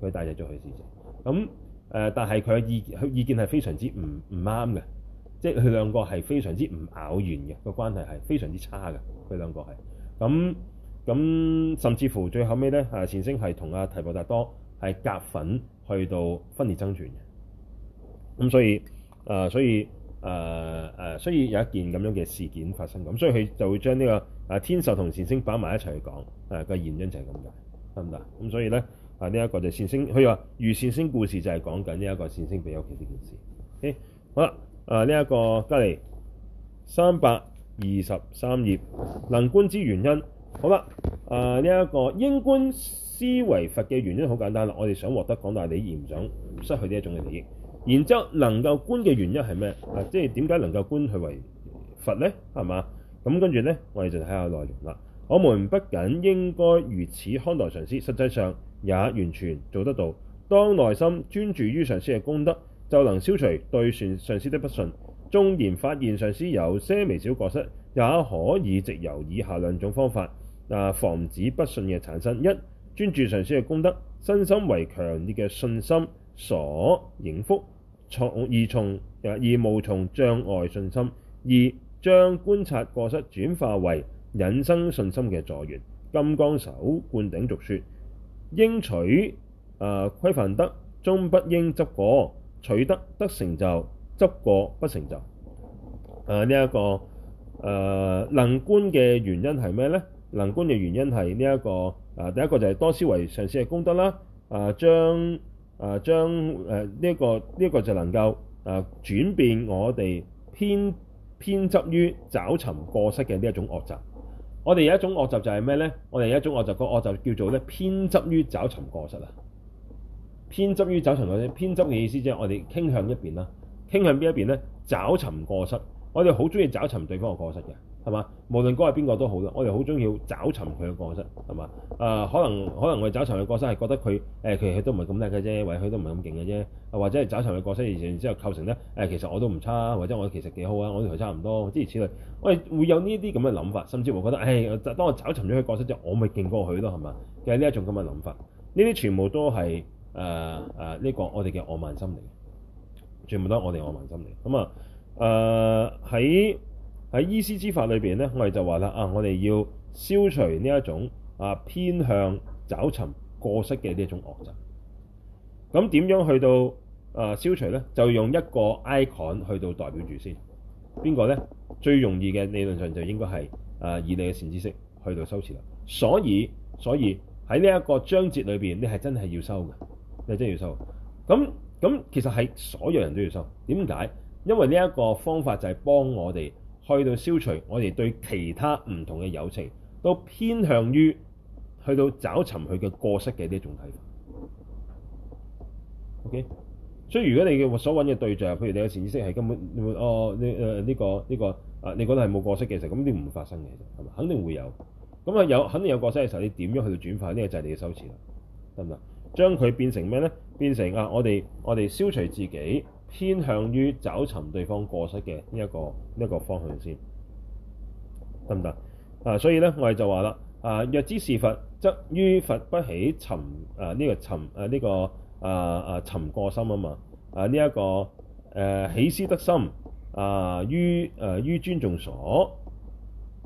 佢大仔做佢侍者。咁誒、呃，但係佢嘅意意見係非常之唔唔啱嘅。即係佢兩個係非常之唔咬完嘅，個關係係非常之差嘅，佢兩個係咁咁，甚至乎最後尾咧啊，善星係同阿提婆達多係夾粉去到分裂增權嘅。咁所以誒、呃，所以誒誒、呃，所以有一件咁樣嘅事件發生咁，所以佢就會將呢個啊天授同善星擺埋一齊去講誒，個原因就係咁解，得唔得？咁所以咧啊呢一、這個就善星，佢話如善星故事就係講緊呢一個善星被屋企呢件事。O、okay? 好啦。啊！呢、這、一個隔離三百二十三頁，能觀之原因。好啦，啊呢一、這個應觀師為佛嘅原因好簡單啦，我哋想獲得廣大利益而唔想失去呢一種嘅利益。然之後能夠觀嘅原因係咩？啊，即係點解能夠觀佢為佛呢？係嘛？咁跟住呢，我哋就睇下內容啦。我們不僅應該如此看待上師，實際上也完全做得到。當內心專注於上師嘅功德，就能消除對上師的不信。縱然發現上師有些微小過失，也可以藉由以下兩種方法啊，防止不信嘅產生：一、專注上師嘅功德，身心為強烈嘅信心所迎覆，從而從而無從障礙信心；二、將觀察過失轉化為引生信心嘅助緣。金剛手灌頂續說應取啊規範德，終不應執過。取德得成就，執過不成就。誒，呢一個誒能觀嘅原因係咩咧？能觀嘅原因係呢一、這個誒、呃、第一個就係多思維、上師嘅功德啦。誒將誒將誒呢一個呢一、這個就能夠誒轉變我哋偏偏執於找尋過失嘅呢一種惡習。我哋有一種惡習就係咩咧？我哋有一種惡習叫惡就叫做咧偏執於找尋過失啊！偏執於找尋過失，偏執嘅意思即係我哋傾向一邊啦，傾向邊一邊咧？找尋過失，我哋好中意找尋對方嘅過失嘅，係嘛？無論嗰個係邊個都好啦，我哋好中意找尋佢嘅過失，係嘛？誒、呃，可能可能我哋找尋佢過失係覺得佢誒，其實佢都唔係咁叻嘅啫，或者佢都唔係咁勁嘅啫，或者係找尋佢過失，然之後構成咧誒、欸，其實我都唔差，或者我其實幾好啊，我同佢差唔多，諸如此類，我哋會有呢啲咁嘅諗法，甚至乎覺得誒、欸，當我找尋咗佢過失之後，我咪勁過佢咯，係嘛？嘅呢一種咁嘅諗法，呢啲全部都係。誒誒，呢、啊啊這個我哋嘅傲慢心理，全部都係我哋傲慢心理咁啊。誒喺喺依師之法裏邊咧，我哋就話啦啊，我哋要消除呢一種啊偏向找尋過失嘅呢一種惡習。咁點樣去到誒、啊、消除咧？就用一個 icon 去到代表住先，邊個咧？最容易嘅，理論上就應該係誒以你嘅善知識去到修詞啦。所以所以喺呢一個章節裏邊，你係真係要收嘅。你真係要收咁咁，其實係所有人都要收。點解？因為呢一個方法就係幫我哋去到消除我哋對其他唔同嘅友情，都偏向於去到找尋佢嘅過失嘅呢種睇法。OK，所以如果你嘅所揾嘅對象，譬如你嘅潛意識係根本，你會哦，你誒呢、呃呢個呢、呢個啊，你覺得係冇過失嘅時候，咁都唔會發生嘅，係嘛？肯定會有咁啊，有肯定有過失嘅時候，你點樣去到轉化？呢、呢個就係你嘅修持啦，得唔得？將佢變成咩咧？變成啊！我哋我哋消除自己偏向於找尋對方過失嘅呢一個呢一、這個方向先得唔得啊？所以咧，我哋就話啦：啊，若知是佛，則於佛不起尋啊！呢、這個尋啊呢個啊啊尋過心啊嘛啊！呢、這、一個誒、啊、起思得心啊，於誒、啊、於尊重所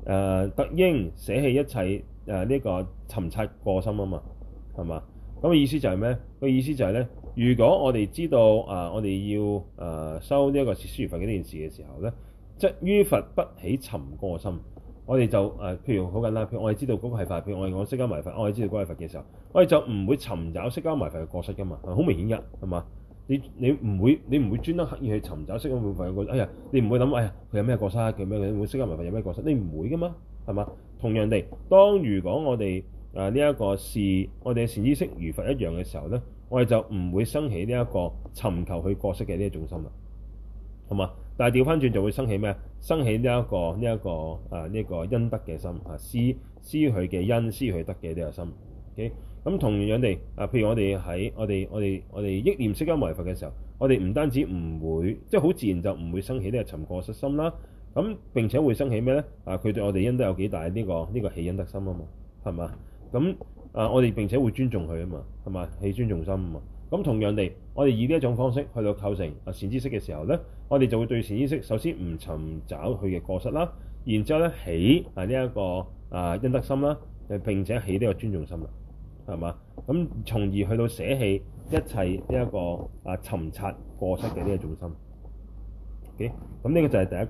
誒得應捨棄一切誒呢、啊這個尋察過心啊嘛，係嘛？咁嘅意思就係咩？個意思就係、是、咧，如果我哋知道啊，我哋要啊收呢一個視師如佛嘅呢件事嘅時候咧，即於佛不起尋過心，我哋就誒、啊、譬如好簡單，譬如我哋知道嗰個係佛，譬如我哋講釋迦埋佛，我哋知道嗰個係佛嘅時候，我哋就唔會尋找釋迦埋佛嘅過失噶嘛，好明顯嘅，係嘛？你你唔會你唔會，會專登刻意去尋找釋迦埋佛嘅過，哎呀，你唔會諗哎呀佢有咩過失，佢咩佢冇釋迦埋佛有咩過失，你唔會噶嘛，係嘛？同樣地，當如果我哋啊！呢、這、一個是，我哋善知識如佛一樣嘅時候咧，我哋就唔會生起呢一個尋求佢過失嘅呢一種心啦，係嘛？但係調翻轉就會生起咩？生起呢、這、一個呢一、這個啊呢、這個恩德嘅心啊，思思佢嘅恩，思佢德嘅呢個心。OK，咁、嗯、同樣地，啊，譬如我哋喺我哋我哋我哋憶念釋迦牟尼佛嘅時候，我哋唔單止唔會，即係好自然就唔會生起呢個尋過失心啦。咁、啊、並且會生起咩咧？啊，佢對我哋恩德有幾大呢、這個呢、這個起恩德心啊嘛，係嘛？咁啊，我哋並且會尊重佢啊嘛，係嘛，起尊重心啊嘛。咁同樣地，我哋以呢一種方式去到構成善知識嘅時候咧，我哋就會對善知識首先唔尋找佢嘅過失啦，然之後咧起、這個、啊呢一個啊恩德心啦，誒並且起呢個尊重心啦，係嘛，咁從而去到捨棄一切呢、這、一個啊尋察過失嘅呢個種心。OK，咁呢個就係第一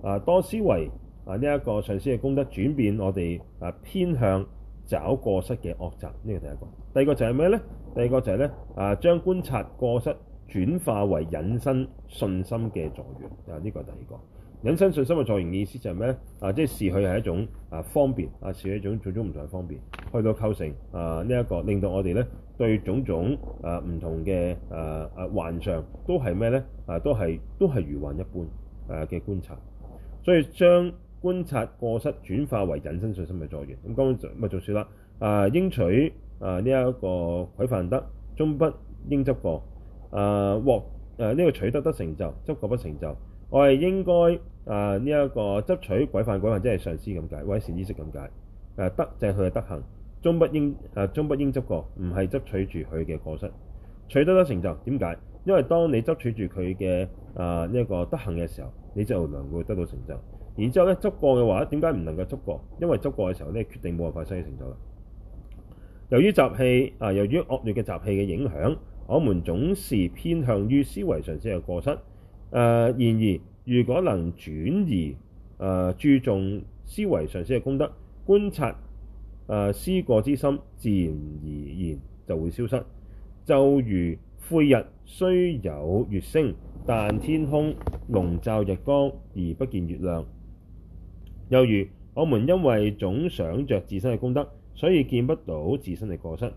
個啊。多思維啊呢一、這個上師嘅功德轉變我，我哋啊偏向。找過失嘅惡習，呢個第一個。第二個就係咩咧？第二個就係、是、咧，啊將觀察過失轉化為引申信心嘅助緣。啊，呢個第二個引申信心嘅助緣意思就係咩咧？啊，即係視佢係一種啊方便，啊視佢係一種種種唔同嘅方便，去到構成啊呢一、這個令到我哋咧對種種啊唔同嘅啊啊幻象都係咩咧？啊，都係都係如幻一般的啊嘅觀察。所以將觀察過失轉化為生起信心嘅作用。咁剛咪就説啦，啊、呃、應取啊呢一個規範德，終不應執過。啊獲啊呢個取德得成就，執過不成就。我係應該啊呢一個執取規範，規範即係上師咁解，或者善知識咁解。誒、呃、德就係佢嘅德行，終不應啊終、呃、不應執過，唔係執取住佢嘅過失。取德得成就點解？因為當你執取住佢嘅啊呢一個德行嘅時候，你就能夠得到成就。然之後咧，執過嘅話，點解唔能夠執過？因為執過嘅時候咧，決定冇辦法生起成就啦。由於習氣啊，由於惡劣嘅習氣嘅影響，我們總是偏向於思維上師嘅過失。呃、然而如果能轉移、呃、注重思維上師嘅功德，觀察、呃、思過之心，自然而然就會消失。就如晦日雖有月升，但天空籠罩日光而不見月亮。又如，由我們因為總想着自身嘅功德，所以見不到自身嘅過失。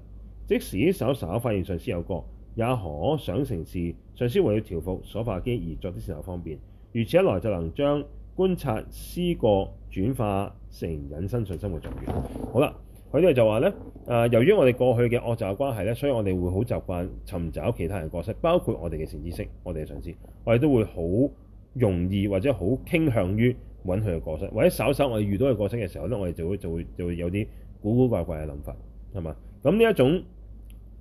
即使稍稍發現上師有過，也可想成是上師為了調伏所化機而作啲善巧方便。如此一來，就能將觀察師過轉化成引生信心嘅作用。好啦，佢呢度就話咧、呃，由於我哋過去嘅惡習關係咧，所以我哋會好習慣尋找其他人過失，包括我哋嘅善知識、我哋嘅上師，我哋都會好容易或者好傾向於，搵佢嘅過失，或者稍稍我哋遇到嘅過失嘅時候咧，我哋就會就會就會有啲古古怪怪嘅諗法，係嘛？咁呢一種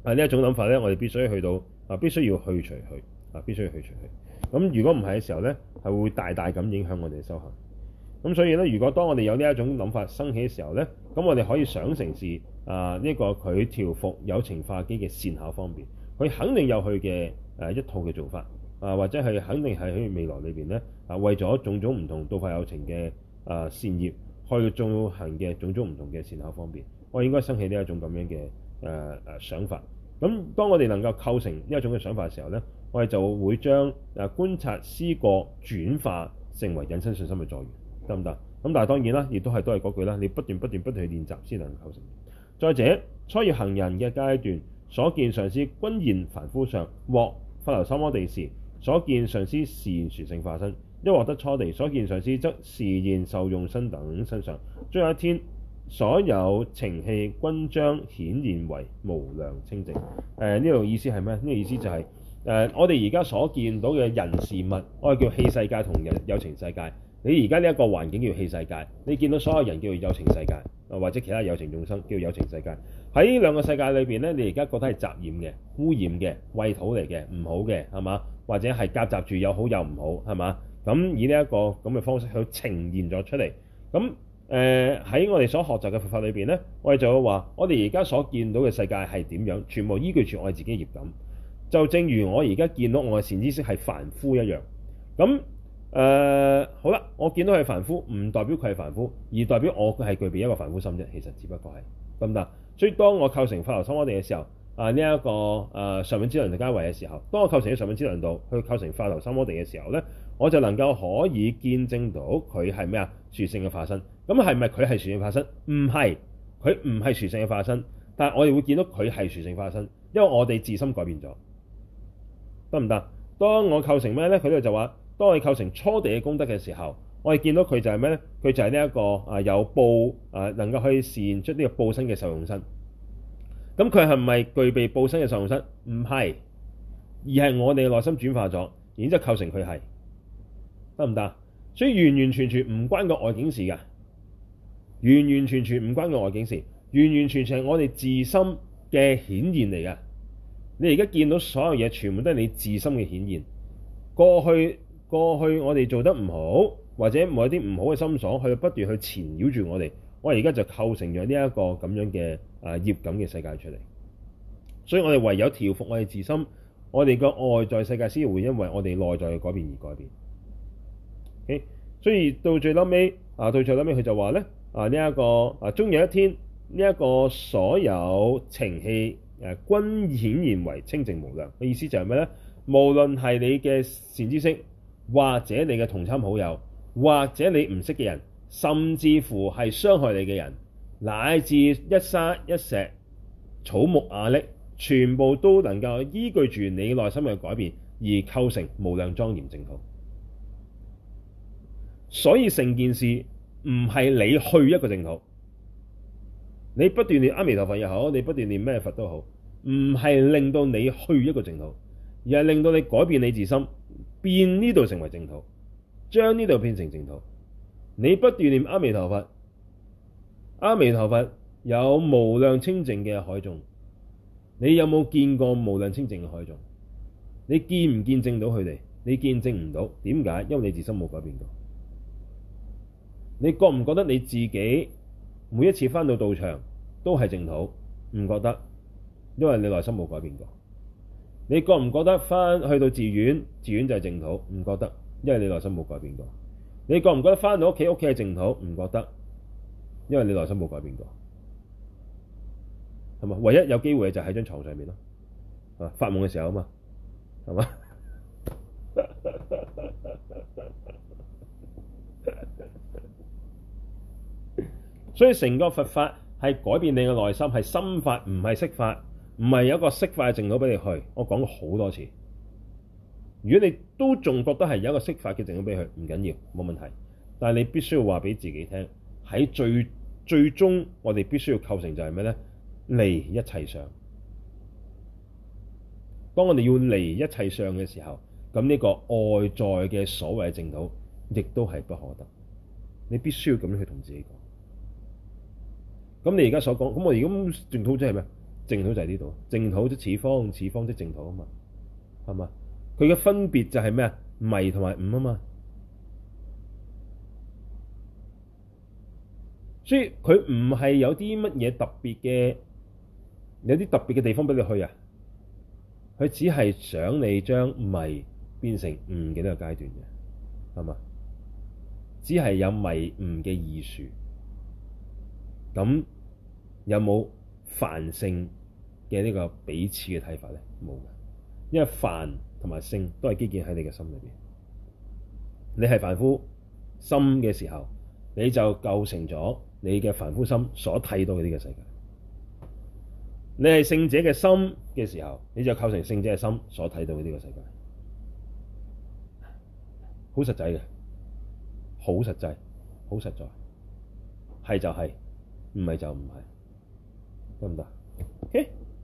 係呢、啊、一種諗法咧，我哋必須去到啊，必須要去除佢啊，必須要去除佢。咁、啊、如果唔係嘅時候咧，係會大大咁影響我哋嘅修行。咁所以咧，如果當我哋有呢一種諗法生起嘅時候咧，咁我哋可以想成是啊呢、呢個佢調伏有情化機嘅善巧方便，佢肯定有佢嘅誒一套嘅做法。啊，或者係肯定係喺未來裏邊咧。啊，為咗種種唔同度化有情嘅啊善業，去進行嘅種種唔同嘅善巧方便，我應該生起呢一種咁樣嘅誒誒想法。咁當我哋能夠構成呢一種嘅想法嘅時候咧，我哋就會將啊觀察師過轉化成為引生信心嘅助緣，得唔得？咁但係當然啦，亦都係都係嗰句啦，你不斷斷不斷斷不斷練習先能夠構成。再者，初業行人嘅階段，所見上師，均現凡夫相，獲法流三摩地時。所見上師示現殊勝化身，一獲得初地，所見上師則示現受用身等身上，終有一天，所有情器均將顯現為無量清淨。誒呢度意思係咩？呢、這個意思就係、是、誒、呃、我哋而家所見到嘅人、事、物，我哋叫器世界同人有情世界。你而家呢一個環境叫器世界，你見到所有人叫做有情世界。或者其他有情眾生叫有情世界。喺兩個世界裏邊咧，你而家覺得係雜染嘅、污染嘅、穢土嚟嘅、唔好嘅，係嘛？或者係夾雜住有好有唔好，係嘛？咁以呢、這、一個咁嘅方式去呈現咗出嚟。咁誒喺我哋所學習嘅佛法裏邊咧，我哋就會話，我哋而家所見到嘅世界係點樣？全部依據住我哋自己業感，就正如我而家見到我嘅善知識係凡夫一樣。咁。誒、uh, 好啦，我見到佢係凡夫，唔代表佢係凡夫，而代表我係具備一個凡夫心啫。其實只不過係得唔得？所以當我構成法流三摩地嘅時候，啊呢一、這個誒上品資糧道就加位嘅時候，當我構成喺上品資糧道度去構成法流三摩地嘅時候咧，我就能夠可以見證到佢係咩啊？殊勝嘅化身，咁係咪佢係殊勝化身？唔係，佢唔係殊勝嘅化身，但係我哋會見到佢係殊勝化身，因為我哋自心改變咗，得唔得？當我構成咩咧？佢咧就話。當我哋構成初地嘅功德嘅時候，我哋見到佢就係咩咧？佢就係呢一個啊，有報啊，能夠可以示現出呢個報身嘅受用身。咁佢係唔係具備報身嘅受用身？唔係，而係我哋內心轉化咗，然之後構成佢係得唔得？所以完完全全唔關個外境事噶，完完全全唔關個外境事，完完全全係我哋自心嘅顯現嚟噶。你而家見到所有嘢，全部都係你自心嘅顯現，過去。過去我哋做得唔好，或者冇一啲唔好嘅心所去不斷去纏繞住我哋。我而家就構成咗呢一個咁樣嘅啊，業感嘅世界出嚟。所以我哋唯有調伏我哋自心，我哋個外在世界先會因為我哋內在嘅改變而改變。Okay? 所以到最撚尾啊，到最撚尾佢就話咧啊，呢、這、一個啊，終有一天呢一、這個所有情器誒、啊，均顯現為清淨無量嘅意思就係咩咧？無論係你嘅善知識，或者你嘅同參好友，或者你唔識嘅人，甚至乎係傷害你嘅人，乃至一沙一石、草木瓦礫，全部都能夠依據住你內心嘅改變而構成無量莊嚴淨土。所以成件事唔係你去一個淨土，你不斷念阿彌陀佛又好，你不斷念咩佛都好，唔係令到你去一個淨土，而係令到你改變你自心。變呢度成為淨土，將呢度變成淨土。你不斷念阿彌陀佛，阿彌陀佛有無量清淨嘅海眾，你有冇見過無量清淨嘅海眾？你見唔見證到佢哋？你見證唔到，點解？因為你自身冇改變過。你覺唔覺得你自己每一次翻到道場都係淨土？唔覺得，因為你內心冇改變過。你覺唔覺得翻去到寺院，寺院就係淨土，唔覺得，因為你內心冇改變過。你覺唔覺得翻到屋企，屋企係淨土，唔覺得，因為你內心冇改變過。係嘛，唯一有機會就喺張床上面咯，啊，發夢嘅時候啊嘛，係嘛。 *laughs* 所以成個佛法係改變你嘅內心，係心法，唔係色法。唔係有一個釋法嘅正道俾你去，我講過好多次。如果你都仲覺得係有一個釋法嘅正道俾佢，唔緊要，冇問題。但係你必須要話俾自己聽，喺最最終，我哋必須要構成就係咩咧？離一切相。當我哋要離一切相嘅時候，咁呢個外在嘅所謂正道，亦都係不可得。你必須要咁樣去同自己講。咁你而家所講，咁我而家正道即係咩？正土就喺呢度，正土即此方，此方即正土啊嘛，係嘛？佢嘅分別就係咩啊？迷同埋悟啊嘛，所以佢唔係有啲乜嘢特別嘅，有啲特別嘅地方俾你去啊？佢只係想你將迷變成悟嘅呢個階段嘅，係嘛？只係有迷悟嘅意殊，咁有冇凡性？嘅呢個彼此嘅睇法咧，冇嘅，因為凡同埋聖都係基建喺你嘅心裏邊。你係凡夫心嘅時候，你就構成咗你嘅凡夫心所睇到嘅呢個世界；你係聖者嘅心嘅時候，你就構成聖者嘅心所睇到嘅呢個世界。好實際嘅，好實際，好實在，係就係，唔係就唔係，得唔得？